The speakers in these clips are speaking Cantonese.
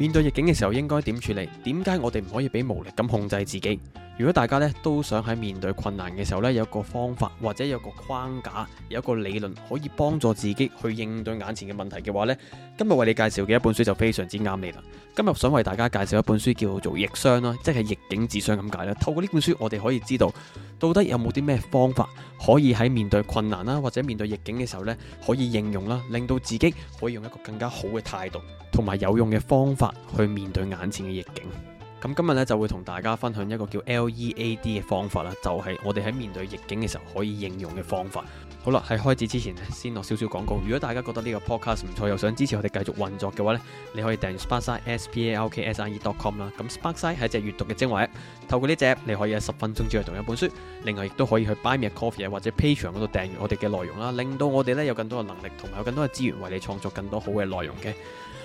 面對逆境嘅時候應該點處理？點解我哋唔可以畀無力咁控制自己？如果大家咧都想喺面對困難嘅時候咧有個方法或者有個框架，有一個理論可以幫助自己去應對眼前嘅問題嘅話呢，今日為你介紹嘅一本書就非常之啱你啦。今日想為大家介紹一本書叫做《逆商》啦，即係逆境智商咁解啦。透過呢本書，我哋可以知道到底有冇啲咩方法可以喺面對困難啦，或者面對逆境嘅時候呢，可以應用啦，令到自己可以用一個更加好嘅態度同埋有用嘅方法去面對眼前嘅逆境。咁今日咧就會同大家分享一個叫 LEAD 嘅方法啦，就係我哋喺面對逆境嘅時候可以應用嘅方法。好啦，喺開始之前呢，先落少少廣告。如果大家覺得呢個 podcast 唔錯，又想支持我哋繼續運作嘅話咧，你可以訂閱 sparksie.sparksie.com 啦。咁 sparksie 係一隻閱讀嘅精華，透過呢隻你可以喺十分鐘之內讀一本書，另外亦都可以去 Buy Me a Coffee 或者 Patreon 嗰度訂閱我哋嘅內容啦，令到我哋咧有更多嘅能力同埋有更多嘅資源為你創作更多好嘅內容嘅。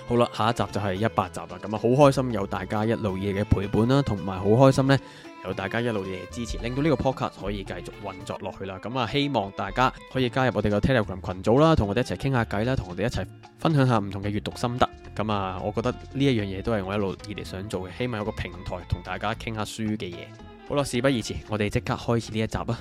好啦，下一集就係一百集啦，咁啊好開心有大家一路以嚟嘅陪伴啦，同埋好開心呢，有大家一路以嚟支持，令到呢個 podcast 可以繼續運作落去啦。咁啊，希望大家可以加入我哋嘅 telegram 群組啦，同我哋一齊傾下偈啦，同我哋一齊分享下唔同嘅閱讀心得。咁啊，我覺得呢一樣嘢都係我一路以嚟想做嘅，希望有個平台同大家傾下書嘅嘢。好啦，事不宜遲，我哋即刻開始呢一集啊！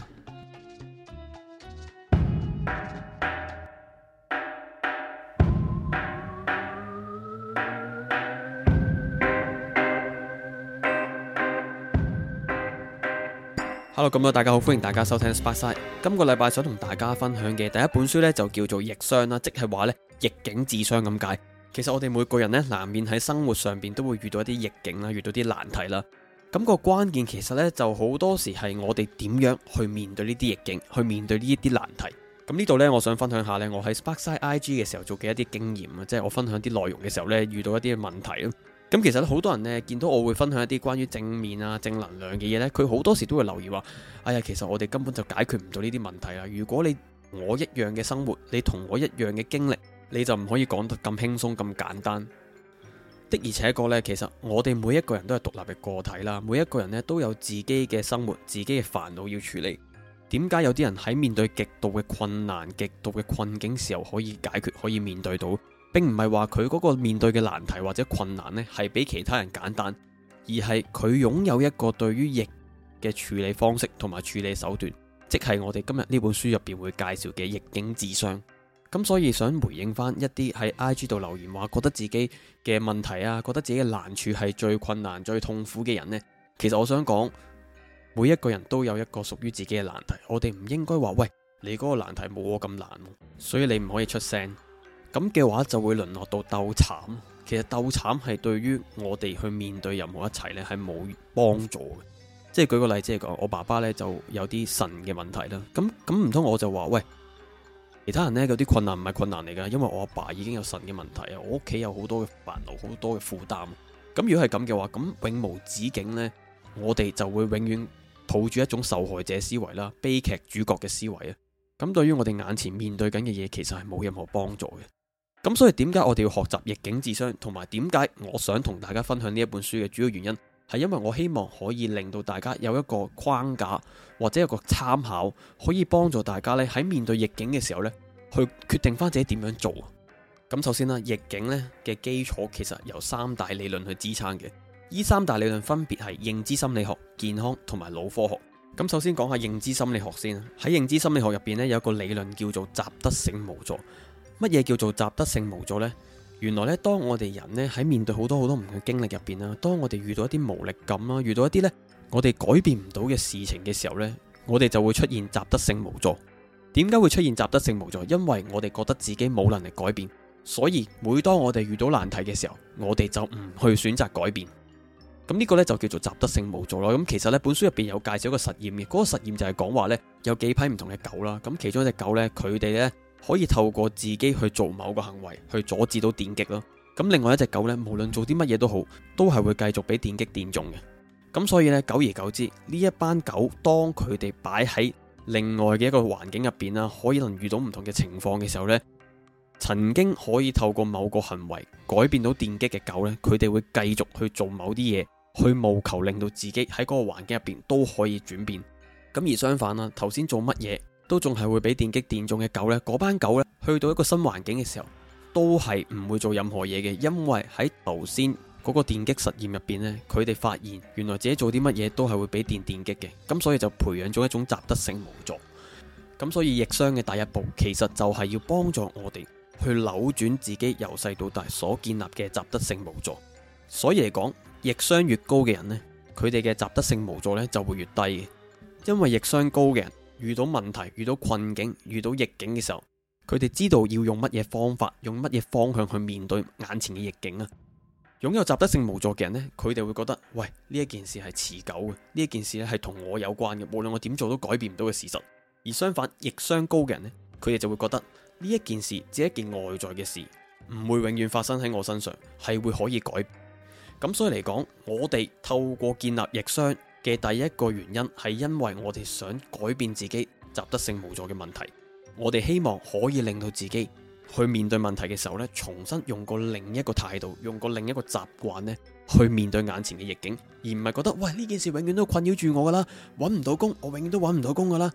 咁啊，大家好，歡迎大家收聽 Sparkside。今個禮拜想同大家分享嘅第一本書呢，就叫做逆商啦，即係話呢，逆境智商咁解。其實我哋每個人呢，難免喺生活上邊都會遇到一啲逆境啦，遇到啲難題啦。咁個關鍵其實呢，就好多時係我哋點樣去面對呢啲逆境，去面對呢一啲難題。咁呢度呢，我想分享一下呢，我喺 Sparkside IG 嘅時候做嘅一啲經驗啊，即係我分享啲內容嘅時候呢，遇到一啲問題啊。咁其實好多人呢，見到我會分享一啲關於正面啊、正能量嘅嘢呢。佢好多時都會留意話：哎呀，其實我哋根本就解決唔到呢啲問題啦。如果你我一樣嘅生活，你同我一樣嘅經歷，你就唔可以講得咁輕鬆、咁簡單。的而且確呢，其實我哋每一個人都係獨立嘅個體啦，每一個人呢都有自己嘅生活、自己嘅煩惱要處理。點解有啲人喺面對極度嘅困難、極度嘅困境時候可以解決、可以面對到？並唔係話佢嗰個面對嘅難題或者困難咧，係比其他人簡單，而係佢擁有一個對於逆嘅處理方式同埋處理手段，即係我哋今日呢本書入邊會介紹嘅逆境智商。咁所以想回應翻一啲喺 IG 度留言話覺得自己嘅問題啊，覺得自己嘅難處係最困難、最痛苦嘅人呢，其實我想講，每一個人都有一個屬於自己嘅難題，我哋唔應該話喂，你嗰個難題冇我咁難，所以你唔可以出聲。咁嘅話就會淪落到鬥慘，其實鬥慘係對於我哋去面對任何一切呢，係冇幫助嘅。即係舉個例子嚟講，我爸爸呢就有啲神嘅問題啦。咁咁唔通我就話喂，其他人呢有啲困難唔係困難嚟噶因為我阿爸已經有神嘅問題啊，我屋企有好多嘅煩惱，好多嘅負擔。咁如果係咁嘅話，咁永無止境呢，我哋就會永遠抱住一種受害者思維啦，悲劇主角嘅思維啊。咁對於我哋眼前面對緊嘅嘢，其實係冇任何幫助嘅。咁所以點解我哋要學習逆境智商，同埋點解我想同大家分享呢一本書嘅主要原因，係因為我希望可以令到大家有一個框架或者有一個參考，可以幫助大家咧喺面對逆境嘅時候咧，去決定翻自己點樣做。咁首先啦，逆境咧嘅基礎其實由三大理論去支撐嘅。依三大理論分別係認知心理學、健康同埋腦科學。咁首先講下認知心理學先。喺認知心理學入邊咧有一個理論叫做習得性無助。乜嘢叫做習得性無助呢？原來呢，當我哋人呢喺面對好多好多唔同嘅經歷入邊啦，當我哋遇到一啲無力感啦，遇到一啲呢我哋改變唔到嘅事情嘅時候呢，我哋就會出現習得性無助。點解會出現習得性無助？因為我哋覺得自己冇能力改變，所以每當我哋遇到難題嘅時候，我哋就唔去選擇改變。咁、這、呢個呢，就叫做習得性無助咯。咁其實呢，本書入邊有介紹一個實驗嘅，嗰、那個實驗就係講話呢，有幾批唔同嘅狗啦，咁其中一隻狗他們呢，佢哋呢。可以透過自己去做某個行為去阻止到電擊咯。咁另外一隻狗呢，無論做啲乜嘢都好，都係會繼續俾電擊電中嘅。咁所以呢，久而久之，呢一班狗當佢哋擺喺另外嘅一個環境入邊啦，可以能遇到唔同嘅情況嘅時候呢，曾經可以透過某個行為改變到電擊嘅狗呢，佢哋會繼續去做某啲嘢，去務求令到自己喺嗰個環境入邊都可以轉變。咁而相反啦，頭先做乜嘢？都仲係會俾電擊電中嘅狗呢，嗰班狗呢，去到一個新環境嘅時候，都係唔會做任何嘢嘅，因為喺頭先嗰個電擊實驗入邊呢，佢哋發現原來自己做啲乜嘢都係會俾電電擊嘅，咁所以就培養咗一種習得性無助。咁所以逆商嘅第一步，其實就係要幫助我哋去扭轉自己由細到大所建立嘅習得性無助。所以嚟講，逆商越高嘅人呢，佢哋嘅習得性無助呢就會越低嘅，因為逆商高嘅人，遇到問題、遇到困境、遇到逆境嘅時候，佢哋知道要用乜嘢方法、用乜嘢方向去面對眼前嘅逆境啊！擁有習得性無助嘅人呢，佢哋會覺得：喂，呢一件事係持久嘅，呢一件事咧係同我有關嘅，無論我點做都改變唔到嘅事實。而相反，逆商高嘅人呢，佢哋就會覺得呢一件事只係一件外在嘅事，唔會永遠發生喺我身上，係會可以改。咁所以嚟講，我哋透過建立逆商。嘅第一個原因係因為我哋想改變自己習得性無助嘅問題，我哋希望可以令到自己去面對問題嘅時候咧，重新用過另一個態度，用過另一個習慣呢去面對眼前嘅逆境，而唔係覺得喂，呢件事永遠都困擾住我噶啦，揾唔到工，我永遠都揾唔到工噶啦。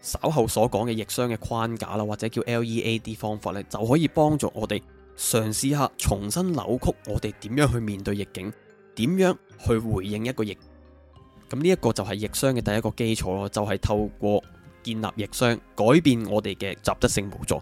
稍後所講嘅逆商嘅框架啦，或者叫 LEAD 方法呢，就可以幫助我哋嘗試下重新扭曲我哋點樣去面對逆境，點樣去回應一個逆境。咁呢一個就係逆商嘅第一個基礎咯，就係透過建立逆商改變我哋嘅習得性無助。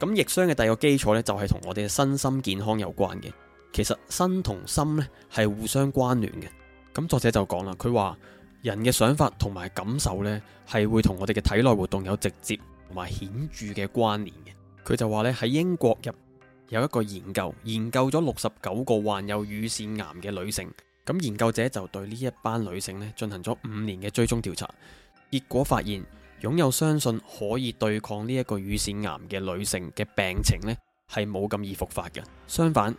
咁逆商嘅第二個基礎呢，就係同我哋嘅身心健康有關嘅。其實身同心呢，係互相關聯嘅。咁作者就講啦，佢話人嘅想法同埋感受呢，係會同我哋嘅體內活動有直接同埋顯著嘅關聯嘅。佢就話呢，喺英國入有一個研究，研究咗六十九個患有乳腺癌嘅女性。咁研究者就對呢一班女性呢進行咗五年嘅追蹤調查，結果發現擁有相信可以對抗呢一個乳腺癌嘅女性嘅病情呢係冇咁易復發嘅。相反，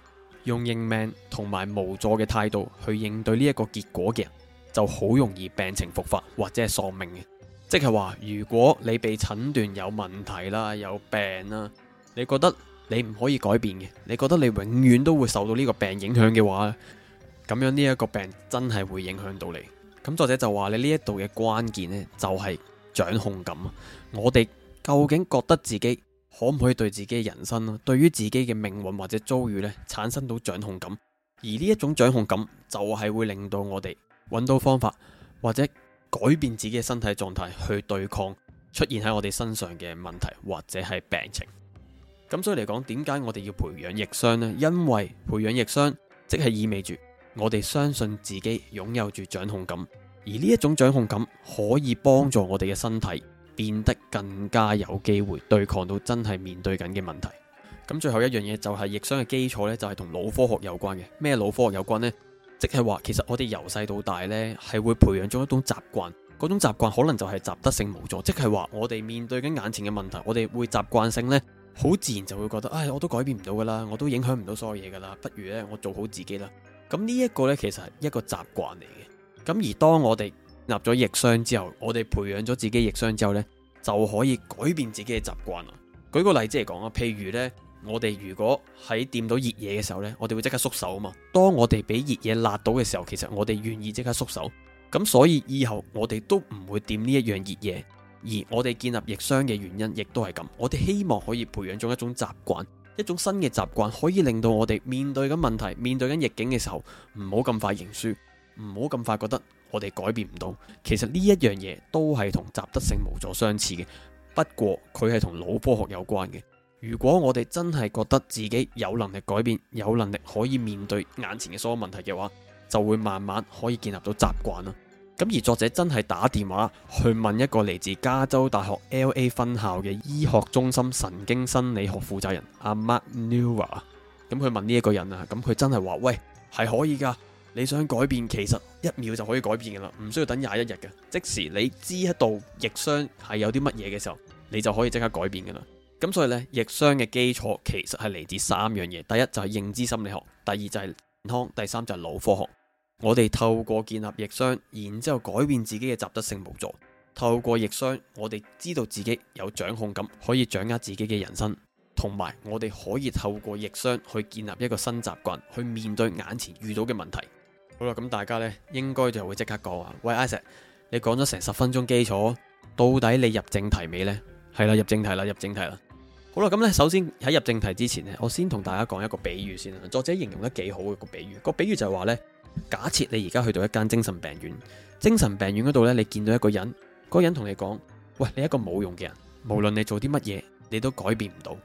用認命同埋無助嘅態度去應對呢一個結果嘅人就好容易病情復發或者係喪命嘅。即係話，如果你被診斷有問題啦、有病啦，你覺得你唔可以改變嘅，你覺得你永遠都會受到呢個病影響嘅話。咁樣呢一個病真係會影響到你。咁作者就話，你呢一度嘅關鍵呢，就係掌控感。我哋究竟覺得自己可唔可以對自己嘅人生啦，對於自己嘅命運或者遭遇咧，產生到掌控感？而呢一種掌控感就係會令到我哋揾到方法或者改變自己嘅身體狀態去對抗出現喺我哋身上嘅問題或者係病情。咁所以嚟講，點解我哋要培養逆商呢？因為培養逆商即係意味住。我哋相信自己擁有住掌控感，而呢一種掌控感可以幫助我哋嘅身體變得更加有機會對抗到真係面對緊嘅問題。咁最後一樣嘢就係逆商嘅基礎呢，就係同腦科學有關嘅。咩腦科學有關呢？即係話，其實我哋由細到大呢係會培養咗一種習慣，嗰種習慣可能就係習得性無助，即係話我哋面對緊眼前嘅問題，我哋會習慣性呢，好自然就會覺得，唉，哎，我都改變唔到噶啦，我都影響唔到所有嘢噶啦，不如呢，我做好自己啦。咁呢一個呢，其實係一個習慣嚟嘅。咁而當我哋立咗逆商之後，我哋培養咗自己逆商之後呢，就可以改變自己嘅習慣啦。舉個例子嚟講啊，譬如呢，我哋如果喺掂到熱嘢嘅時候呢，我哋會即刻縮手啊嘛。當我哋俾熱嘢辣到嘅時候，其實我哋願意即刻縮手。咁所以以後我哋都唔會掂呢一樣熱嘢。而我哋建立逆商嘅原因亦都係咁，我哋希望可以培養一種習慣。一種新嘅習慣可以令到我哋面對緊問題、面對緊逆境嘅時候，唔好咁快認輸，唔好咁快覺得我哋改變唔到。其實呢一樣嘢都係同習得性無助相似嘅，不過佢係同腦科學有關嘅。如果我哋真係覺得自己有能力改變、有能力可以面對眼前嘅所有問題嘅話，就會慢慢可以建立到習慣啦。咁而作者真係打電話去問一個嚟自加州大學 L.A 分校嘅醫學中心神經心理學負責人阿 Manuel，咁佢問呢一個人啊，咁佢真係話喂係可以噶，你想改變其實一秒就可以改變噶啦，唔需要等廿一日嘅，即時你知一度逆商係有啲乜嘢嘅時候，你就可以即刻改變噶啦。咁所以呢，逆商嘅基礎其實係嚟自三樣嘢，第一就係認知心理學，第二就係健康，第三就係腦科學。我哋透過建立逆商，然之後改變自己嘅習得性無助。透過逆商，我哋知道自己有掌控感，可以掌握自己嘅人生。同埋，我哋可以透過逆商去建立一個新習慣，去面對眼前遇到嘅問題。好啦，咁大家呢應該就會即刻講話：喂，Isaac，你講咗成十分鐘基礎，到底你入正題未呢？係啦，入正題啦，入正題啦。好啦，咁咧，首先喺入正題之前呢，我先同大家講一個比喻先啦。作者形容得幾好嘅個比喻，個比喻就係話呢：假設你而家去到一間精神病院，精神病院嗰度呢，你見到一個人，嗰個人同你講：喂，你一個冇用嘅人，無論你做啲乜嘢，你都改變唔到。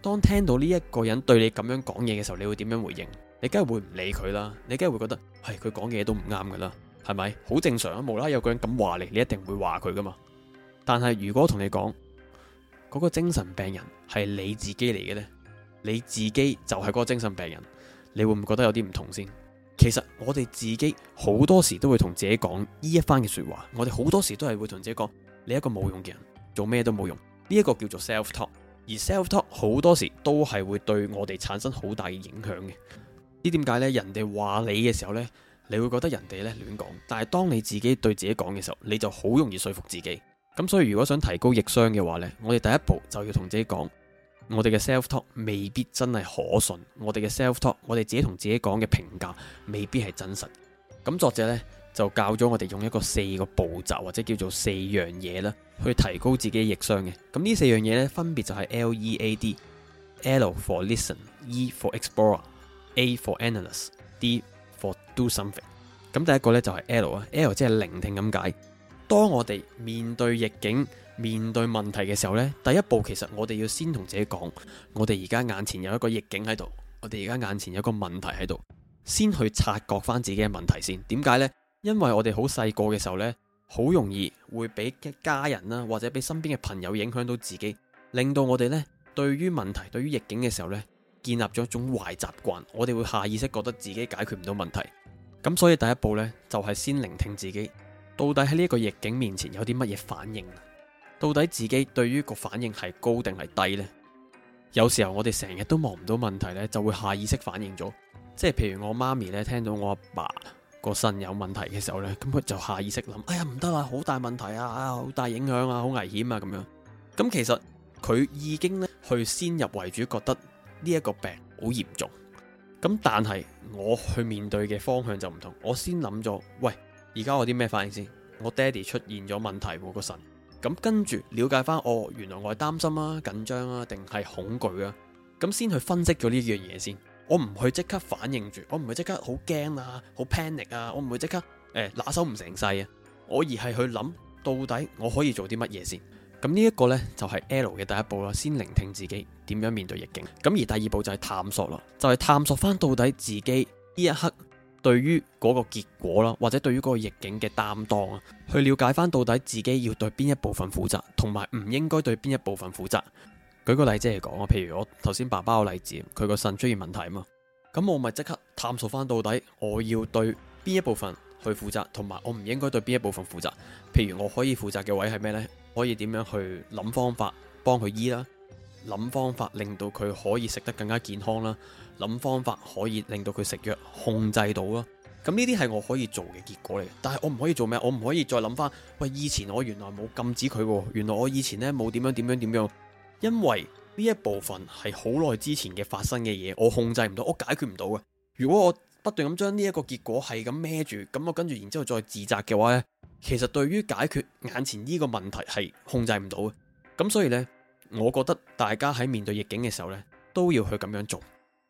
當聽到呢一個人對你咁樣講嘢嘅時候，你會點樣回應？你梗係會唔理佢啦，你梗係會覺得，係佢講嘅嘢都唔啱噶啦，係咪？好正常啊，無啦啦有個人咁話你，你一定會話佢噶嘛。但係如果同你講。嗰個精神病人係你自己嚟嘅呢？你自己就係嗰個精神病人，你會唔會覺得有啲唔同先？其實我哋自己好多時都會同自己講呢一番嘅說話，我哋好多時都係會同自己講你一個冇用嘅人，做咩都冇用，呢一個叫做 self talk，而 self talk 好多時都係會對我哋產生好大嘅影響嘅。呢點解呢？人哋話你嘅時候呢，你會覺得人哋呢亂講，但係當你自己對自己講嘅時候，你就好容易說服自己。咁所以如果想提高逆商嘅話呢我哋第一步就要同自己講，我哋嘅 self talk 未必真係可信，我哋嘅 self talk，我哋自己同自己講嘅評價未必係真實。咁作者呢就教咗我哋用一個四個步驟或者叫做四樣嘢啦，去提高自己嘅逆商嘅。咁呢四樣嘢呢，分別就係 L E A D。L for listen，E for explore，A for analysis，D for do something。咁第一個呢，就係 L 啊，L 即係聆聽咁解。當我哋面對逆境、面對問題嘅時候呢，第一步其實我哋要先同自己講：我哋而家眼前有一個逆境喺度，我哋而家眼前有個問題喺度，先去察覺翻自己嘅問題先。點解呢？因為我哋好細個嘅時候呢，好容易會俾家人啦，或者俾身邊嘅朋友影響到自己，令到我哋呢對於問題、對於逆境嘅時候呢，建立咗一種壞習慣。我哋會下意識覺得自己解決唔到問題，咁所以第一步呢，就係先聆聽自己。到底喺呢一個逆境面前有啲乜嘢反應？到底自己對於個反應係高定係低呢？有時候我哋成日都望唔到問題呢，就會下意識反應咗。即係譬如我媽咪呢，聽到我阿爸個腎有問題嘅時候呢，咁佢就下意識諗：哎呀，唔得啦，好大問題啊，好大影響啊，好危險啊咁樣。咁其實佢已經呢去先入為主覺得呢一個病好嚴重。咁但係我去面對嘅方向就唔同，我先諗咗喂。而家我啲咩反應先？我爹哋出現咗問題個神咁，跟住了解翻哦，原來我係擔心啊、緊張啊，定係恐懼啊？咁先去分析咗呢樣嘢先，我唔去即刻反應住，我唔會即刻好驚啊、好 panic 啊，我唔會即刻誒、哎、拿手唔成勢啊，我而係去諗到底我可以做啲乜嘢先。咁呢一個呢，就係、是、L 嘅第一步啦，先聆聽自己點樣面對逆境。咁而第二步就係探索啦，就係、是、探索翻到底自己呢一刻。對於嗰個結果啦，或者對於嗰個逆境嘅擔當啊，去了解翻到底自己要對邊一部分負責，同埋唔應該對邊一部分負責。舉個例子嚟講啊，譬如我頭先爸爸個例子，佢個腎出現問題啊嘛，咁我咪即刻探索翻到底我要對邊一部分去負責，同埋我唔應該對邊一部分負責。譬如我可以負責嘅位係咩呢？可以點樣去諗方法幫佢醫啦，諗方法令到佢可以食得更加健康啦。諗方法可以令到佢食藥控制到咯。咁呢啲係我可以做嘅結果嚟嘅，但係我唔可以做咩？我唔可以再諗翻喂，以前我原來冇禁止佢喎，原來我以前呢冇點樣點樣點樣，因為呢一部分係好耐之前嘅發生嘅嘢，我控制唔到，我解決唔到嘅。如果我不斷咁將呢一個結果係咁孭住，咁我跟住然之後再自責嘅話咧，其實對於解決眼前呢個問題係控制唔到嘅。咁所以呢，我覺得大家喺面對逆境嘅時候呢，都要去咁樣做。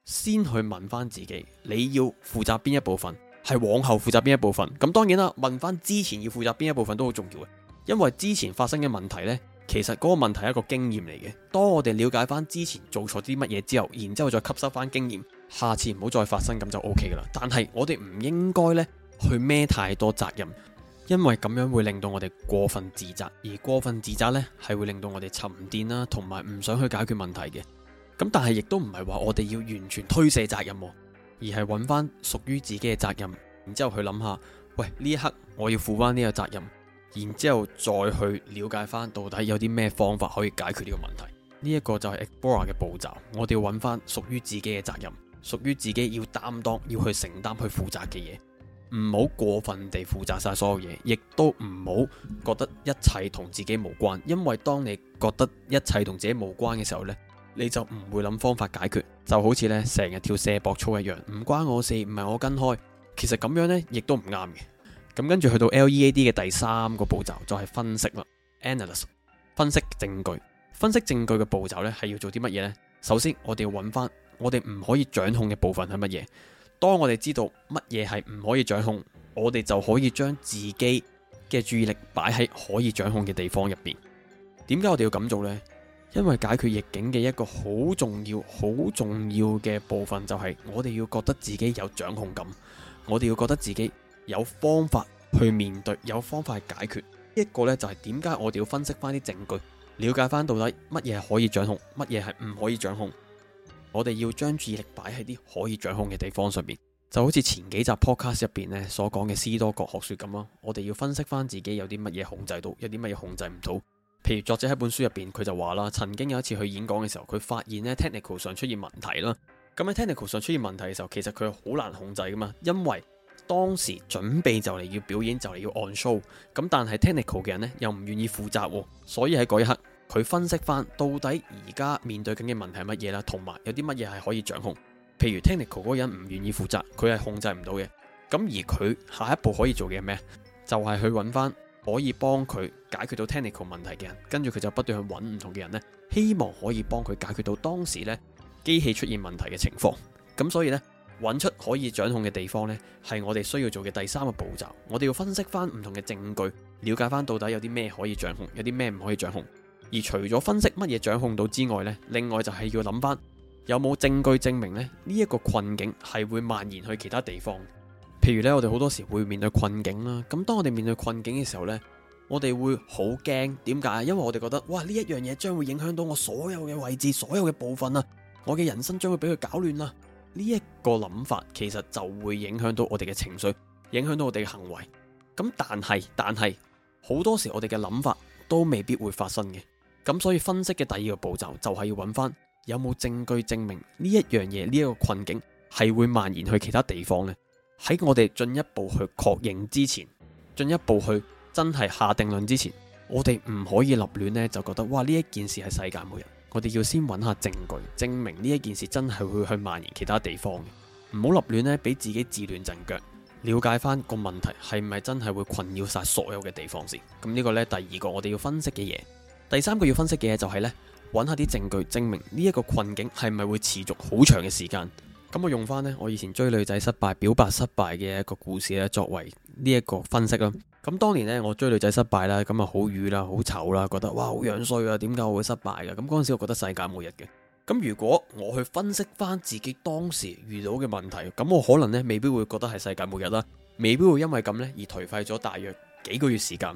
先去問翻自己，你要負責邊一部分，係往後負責邊一部分。咁當然啦，問翻之前要負責邊一部分都好重要嘅，因為之前發生嘅問題呢，其實嗰個問題係一個經驗嚟嘅。當我哋了解翻之前做錯啲乜嘢之後，然之後再吸收翻經驗，下次唔好再發生咁就 OK 㗎啦。但係我哋唔應該呢去孭太多責任，因為咁樣會令到我哋過分自責，而過分自責呢係會令到我哋沉澱啦，同埋唔想去解決問題嘅。咁，但係亦都唔係話我哋要完全推卸責任，而係揾翻屬於自己嘅責任，然之後去諗下，喂，呢一刻我要負翻呢個責任，然之後再去了解翻到底有啲咩方法可以解決呢個問題。呢一個就係 explorer 嘅步驟，我哋要揾翻屬於自己嘅責任，屬於自己要擔當、要去承擔、去負責嘅嘢，唔好過分地負責晒所有嘢，亦都唔好覺得一切同自己無關。因為當你覺得一切同自己無關嘅時候咧，你就唔會諗方法解決，就好似咧成日跳射搏操一樣，唔關我事，唔係我跟開。其實咁樣呢，亦都唔啱嘅。咁跟住去到 LEAD 嘅第三個步驟就係分析啦，analysis 分析證據。分析證據嘅步驟呢，係要做啲乜嘢呢？首先我哋要揾翻我哋唔可以掌控嘅部分係乜嘢。當我哋知道乜嘢係唔可以掌控，我哋就可以將自己嘅注意力擺喺可以掌控嘅地方入邊。點解我哋要咁做呢？因為解決逆境嘅一個好重要、好重要嘅部分就係，我哋要覺得自己有掌控感，我哋要覺得自己有方法去面對，有方法去解決。一個呢，就係點解我哋要分析翻啲證據，了解翻到底乜嘢係可以掌控，乜嘢係唔可以掌控。我哋要將注意力擺喺啲可以掌控嘅地方上面，就好似前幾集 podcast 入邊呢所講嘅斯多葛學說咁咯。我哋要分析翻自己有啲乜嘢控制到，有啲乜嘢控制唔到。譬如作者喺本書入邊，佢就話啦，曾經有一次去演講嘅時候，佢發現呢 technical 上出現問題啦。咁喺 technical 上出現問題嘅時候，其實佢好難控制噶嘛，因為當時準備就嚟要表演就嚟要 on show，咁但係 technical 嘅人呢，又唔願意負責，所以喺嗰一刻佢分析翻到底而家面對緊嘅問題係乜嘢啦，同埋有啲乜嘢係可以掌控。譬如 technical 嗰人唔願意負責，佢係控制唔到嘅。咁而佢下一步可以做嘅係咩？就係、是、去揾翻。可以幫佢解決到 technical 問題嘅人，跟住佢就不斷去揾唔同嘅人呢，希望可以幫佢解決到當時呢機器出現問題嘅情況。咁所以呢，揾出可以掌控嘅地方呢，係我哋需要做嘅第三個步驟。我哋要分析翻唔同嘅證據，了解翻到底有啲咩可以掌控，有啲咩唔可以掌控。而除咗分析乜嘢掌控到之外呢，另外就係要諗翻有冇證據證明呢，呢一個困境係會蔓延去其他地方。譬如咧，我哋好多時會面對困境啦。咁當我哋面對困境嘅時候呢，我哋會好驚。點解？因為我哋覺得哇，呢一樣嘢將會影響到我所有嘅位置，所有嘅部分啊。我嘅人生將會俾佢搞亂啦。呢一個諗法其實就會影響到我哋嘅情緒，影響到我哋嘅行為。咁但係但係好多時我哋嘅諗法都未必會發生嘅。咁所以分析嘅第二個步驟就係要揾翻有冇證據證明呢一樣嘢、呢一個困境係會蔓延去其他地方咧。喺我哋進一步去確認之前，進一步去真係下定論之前，我哋唔可以立亂呢，就覺得哇呢一件事係世界末日。我哋要先揾下證據，證明呢一件事真係會去蔓延其他地方。唔好立亂呢，俾自己自亂陣腳。了解翻個問題係咪真係會困擾晒所有嘅地方先。咁呢個呢，第二個我哋要分析嘅嘢，第三個要分析嘅嘢就係呢：揾下啲證據證明呢一個困境係咪會持續好長嘅時間。咁我用翻呢，我以前追女仔失敗、表白失敗嘅一個故事咧，作為呢一個分析啦。咁當年呢，我追女仔失敗啦，咁啊好瘀啦，好醜啦，覺得哇好樣衰啊，點解我會失敗噶？咁嗰陣時，我覺得世界末日嘅。咁如果我去分析翻自己當時遇到嘅問題，咁我可能呢未必會覺得係世界末日啦，未必會因為咁呢而頹廢咗大約幾個月時間。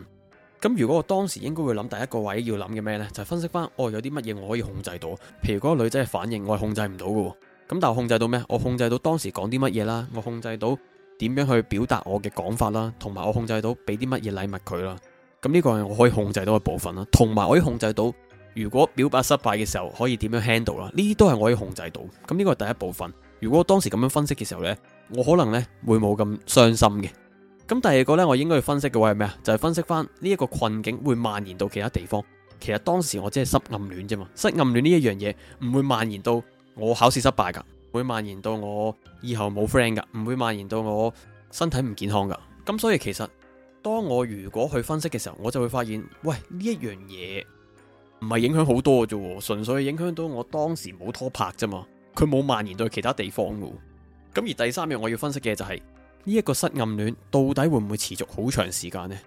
咁如果我當時應該會諗第一個位要諗嘅咩呢？就係分析翻，哦有啲乜嘢我可以控制到？譬如嗰個女仔嘅反應，我係控制唔到嘅。咁但我控制到咩？我控制到當時講啲乜嘢啦，我控制到點樣去表達我嘅講法啦，同埋我控制到俾啲乜嘢禮物佢啦。咁呢個係我可以控制到嘅部分啦，同埋我可以控制到如果表白失敗嘅時候可以點樣 handle 啦。呢啲都係我可以控制到。咁呢個係第一部分。如果當時咁樣分析嘅時候呢，我可能呢會冇咁傷心嘅。咁第二個呢，我應該去分析嘅話係咩啊？就係分析翻呢一個困境會蔓延到其他地方。其實當時我只係失暗戀啫嘛，失暗戀呢一樣嘢唔會蔓延到。我考試失敗噶，會蔓延到我以後冇 friend 噶，唔會蔓延到我身體唔健康噶。咁所以其實當我如果去分析嘅時候，我就會發現，喂，呢一樣嘢唔係影響好多啫，純粹影響到我當時冇拖拍啫嘛，佢冇蔓延到其他地方。咁而第三樣我要分析嘅就係呢一個失暗戀到底會唔會持續好長時間呢？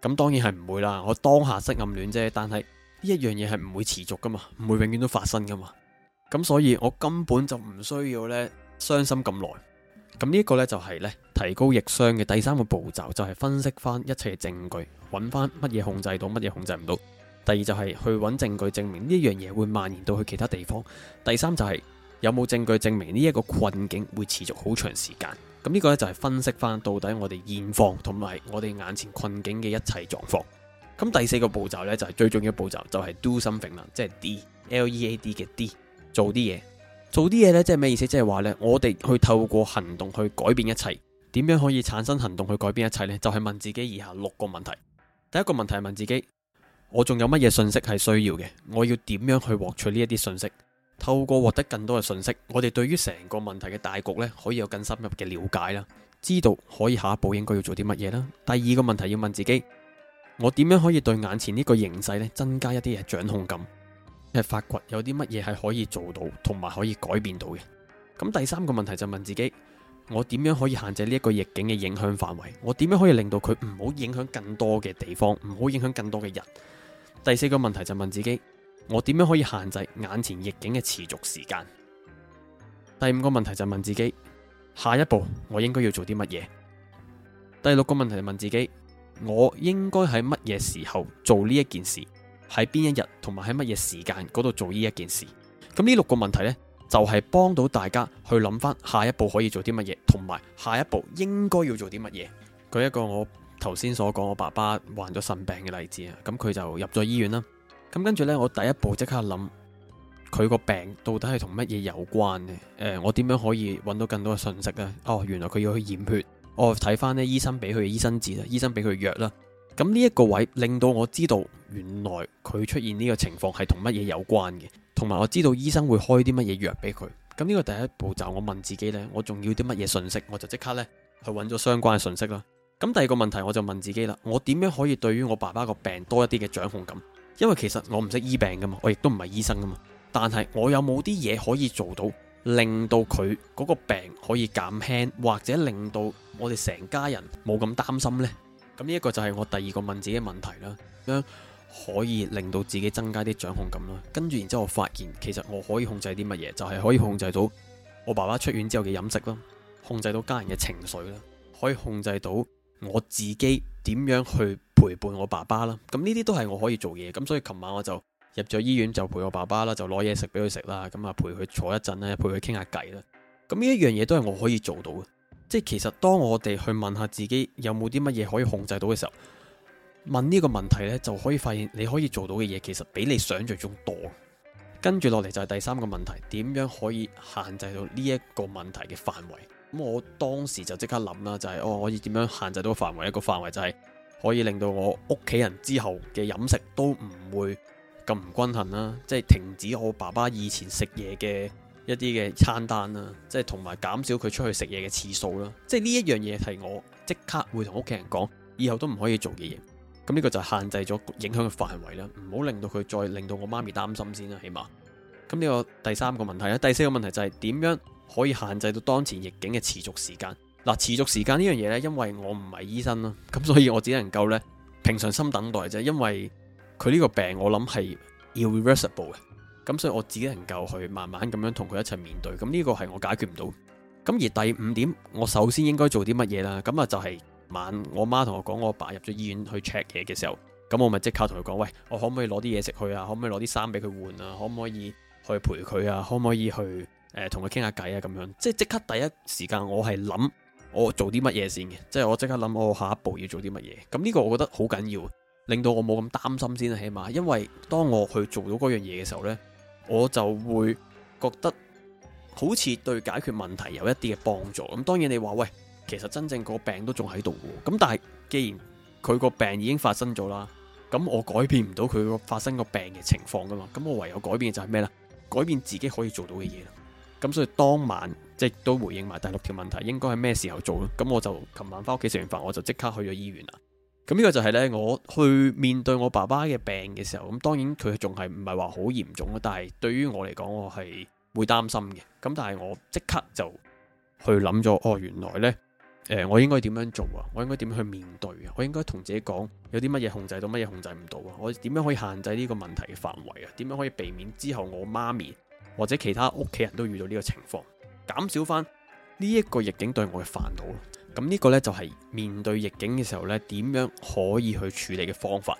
咁當然係唔會啦，我當下失暗戀啫，但係呢一樣嘢係唔會持續噶嘛，唔會永遠都發生噶嘛。咁所以，我根本就唔需要咧，傷心咁耐。咁呢一個咧就係咧，提高逆商嘅第三個步驟就係分析翻一切證據，揾翻乜嘢控制到，乜嘢控制唔到。第二就係去揾證據證明呢樣嘢會蔓延到去其他地方。第三就係有冇證據證明呢一個困境會持續好長時間。咁呢個咧就係分析翻到底我哋現況同埋我哋眼前困境嘅一切狀況。咁第四個步驟咧就係最重要嘅步驟，就係 do something 啦，即係 D L E A D 嘅 D。做啲嘢，做啲嘢呢，即係咩意思？即係話呢，我哋去透過行動去改變一切。點樣可以產生行動去改變一切呢？就係問自己以下六個問題。第一個問題問自己：我仲有乜嘢信息係需要嘅？我要點樣去獲取呢一啲信息？透過獲得更多嘅信息，我哋對於成個問題嘅大局呢，可以有更深入嘅了解啦。知道可以下一步應該要做啲乜嘢啦。第二個問題要問自己：我點樣可以對眼前呢個形勢呢，增加一啲嘅掌控感？係發掘有啲乜嘢，係可以做到，同埋可以改變到嘅。咁第三個問題就問自己：我點樣可以限制呢一個逆境嘅影響範圍？我點樣可以令到佢唔好影響更多嘅地方，唔好影響更多嘅人？第四個問題就問自己：我點樣可以限制眼前逆境嘅持續時間？第五個問題就問自己：下一步我應該要做啲乜嘢？第六個問題就問自己：我應該喺乜嘢時候做呢一件事？喺邊一日同埋喺乜嘢時間嗰度做呢一件事？咁呢六個問題呢，就係幫到大家去諗翻下一步可以做啲乜嘢，同埋下一步應該要做啲乜嘢。舉一個我頭先所講我爸爸患咗腎病嘅例子啊，咁佢就入咗醫院啦。咁跟住呢，我第一步即刻諗佢個病到底係同乜嘢有關嘅？誒，我點樣可以揾到更多嘅信息咧？哦，原來佢要去驗血，我睇翻呢醫生俾佢醫生紙啦，醫生俾佢藥啦。咁呢一個位令到我知道，原來佢出現呢個情況係同乜嘢有關嘅，同埋我知道醫生會開啲乜嘢藥俾佢。咁呢個第一步驟，我問自己呢，我仲要啲乜嘢信息？我就即刻呢去揾咗相關嘅信息啦。咁第二個問題，我就問自己啦，我點樣可以對於我爸爸個病多一啲嘅掌控感？因為其實我唔識醫病噶嘛，我亦都唔係醫生噶嘛。但係我有冇啲嘢可以做到，令到佢嗰個病可以減輕，或者令到我哋成家人冇咁擔心呢？咁呢一個就係我第二個問自己嘅問題啦，咁可以令到自己增加啲掌控感啦。跟住然之後我發現，其實我可以控制啲乜嘢，就係可以控制到我爸爸出院之後嘅飲食啦，控制到家人嘅情緒啦，可以控制到我自己點樣去陪伴我爸爸啦。咁呢啲都係我可以做嘢。咁所以琴晚我就入咗醫院就陪我爸爸啦，就攞嘢食俾佢食啦，咁啊陪佢坐一陣啦，陪佢傾下偈啦。咁呢一樣嘢都係我可以做到嘅。即係其實當我哋去問下自己有冇啲乜嘢可以控制到嘅時候，問呢個問題呢，就可以發現你可以做到嘅嘢其實比你想象中多。跟住落嚟就係第三個問題，點樣可以限制到呢一個問題嘅範圍？咁我當時就即刻諗啦、就是，就係哦，我可以點樣限制到範圍？一個範圍就係可以令到我屋企人之後嘅飲食都唔會咁唔均衡啦，即係停止我爸爸以前食嘢嘅。一啲嘅餐單啦，即係同埋減少佢出去食嘢嘅次數啦，即係呢一樣嘢係我即刻會同屋企人講，以後都唔可以做嘅嘢。咁呢個就限制咗影響嘅範圍啦，唔好令到佢再令到我媽咪擔心先啦，起碼。咁呢個第三個問題啦，第四個問題就係、係、點樣可以限制到當前逆境嘅持續時間？嗱、呃，持續時間呢樣嘢呢，因為我唔係醫生啦，咁所以我只能夠呢平常心等待啫。因為佢呢個病我，我諗係 irreversible 嘅。咁所以我自己能夠去慢慢咁樣同佢一齊面對，咁呢個係我解決唔到。咁而第五點，我首先應該做啲乜嘢啦？咁啊就係晚我媽同我講，我爸入咗醫院去 check 嘢嘅時候，咁我咪即刻同佢講：喂，我可唔可以攞啲嘢食去啊？可唔可以攞啲衫俾佢換啊？可唔可以去陪佢啊？可唔可以去誒同佢傾下偈啊？咁樣即係即刻第一時間，我係諗我做啲乜嘢先嘅，即係我即刻諗我下一步要做啲乜嘢。咁呢個我覺得好緊要，令到我冇咁擔心先，起碼因為當我去做到嗰樣嘢嘅時候呢。我就會覺得好似對解決問題有一啲嘅幫助。咁當然你話喂，其實真正個病都仲喺度嘅。咁但係既然佢個病已經發生咗啦，咁我改變唔到佢個發生個病嘅情況噶嘛。咁我唯有改變就係咩咧？改變自己可以做到嘅嘢啦。咁所以當晚即係都回應埋第六條問題，應該係咩時候做咧？咁我就琴晚翻屋企食完飯，我就即刻去咗醫院啦。咁呢個就係呢，我去面對我爸爸嘅病嘅時候，咁當然佢仲係唔係話好嚴重咯，但係對於我嚟講，我係會擔心嘅。咁但係我即刻就去諗咗，哦原來呢，誒我應該點樣做啊？我應該點樣去面對啊？我應該同自己講有啲乜嘢控制到，乜嘢控制唔到啊？我點樣可以限制呢個問題嘅範圍啊？點樣可以避免之後我媽咪或者其他屋企人都遇到呢個情況，減少翻呢一個逆境對我嘅煩惱。咁呢個呢，就係面對逆境嘅時候呢，點樣可以去處理嘅方法，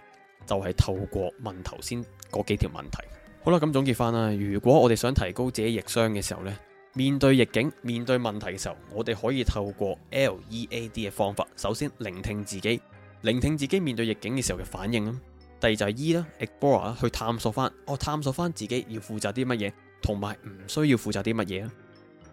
就係透過問頭先嗰幾條問題好。好啦，咁總結翻啦，如果我哋想提高自己逆商嘅時候呢，面對逆境、面對問題嘅時候，我哋可以透過 L-E-A-D 嘅方法，首先聆聽自己，聆聽自己面對逆境嘅時候嘅反應。第二就係 E 啦，Explorer 去探索翻，我、哦、探索翻自己要負責啲乜嘢，同埋唔需要負責啲乜嘢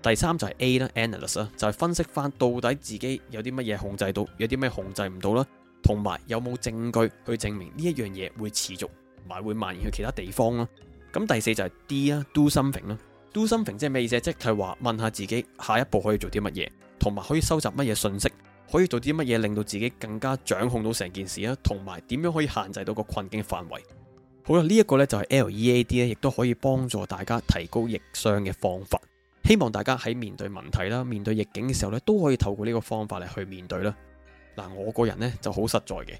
第三就係 A 啦，analysis 啦，就係分析翻到底自己有啲乜嘢控制到，有啲咩控制唔到啦，同埋有冇證據去證明呢一樣嘢會持續，埋會蔓延去其他地方啦。咁第四就係 D 啦，do something 啦，do something 即係咩意思？即係話問下自己下一步可以做啲乜嘢，同埋可以收集乜嘢信息，可以做啲乜嘢令到自己更加掌控到成件事啊，同埋點樣可以限制到個困境嘅範圍。好啦，呢、這、一個呢就係 LEAD 亦都可以幫助大家提高逆商嘅方法。希望大家喺面對問題啦、面對逆境嘅時候咧，都可以透過呢個方法嚟去面對啦。嗱，我個人呢就好實在嘅，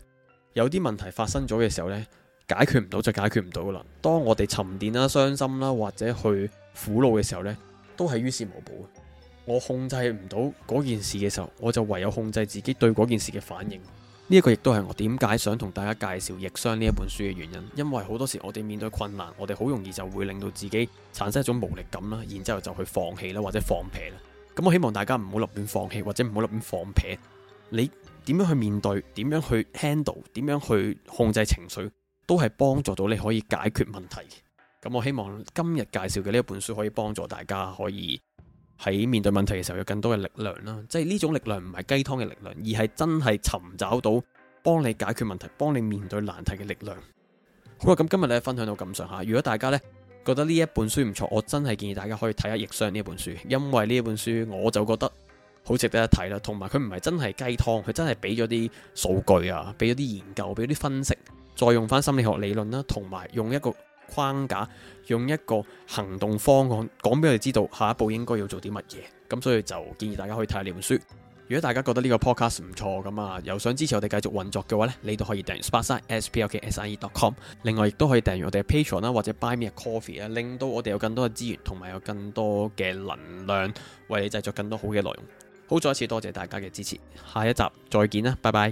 有啲問題發生咗嘅時候呢，解決唔到就解決唔到啦。當我哋沉澱啦、傷心啦或者去苦惱嘅時候呢，都係於事無補。我控制唔到嗰件事嘅時候，我就唯有控制自己對嗰件事嘅反應。呢一個亦都係我點解想同大家介紹《逆商》呢一本書嘅原因，因為好多時我哋面對困難，我哋好容易就會令到自己產生一種無力感啦，然之後就去放棄啦，或者放撇啦。咁我希望大家唔好立亂放棄，或者唔好立亂放撇。你點樣去面對，點樣去 handle，點樣去控制情緒，都係幫助到你可以解決問題嘅。咁我希望今日介紹嘅呢一本書可以幫助大家可以。喺面對問題嘅時候有更多嘅力量啦，即係呢種力量唔係雞湯嘅力量，而係真係尋找到幫你解決問題、幫你面對難題嘅力量。好啦，咁今日咧分享到咁上下，如果大家呢覺得呢一本書唔錯，我真係建議大家可以睇下《易商》呢本書，因為呢一本書我就覺得好值得一睇啦，同埋佢唔係真係雞湯，佢真係俾咗啲數據啊，俾咗啲研究，俾咗啲分析，再用翻心理學理論啦，同埋用一個。框架，用一個行動方案講俾我哋知道下一步應該要做啲乜嘢。咁所以就建議大家可以睇下呢本書。如果大家覺得呢個 Podcast 唔錯咁啊，又想支持我哋繼續運作嘅話呢，你都可以訂閱 s, ner, s p a t a s p l k s i e dot com，另外亦都可以訂閱我哋嘅 Patreon 啦，或者 buy me a coffee 啊，令到我哋有更多嘅資源同埋有更多嘅能量為你製作更多好嘅內容。好，再一次多謝大家嘅支持，下一集再見啦，拜拜。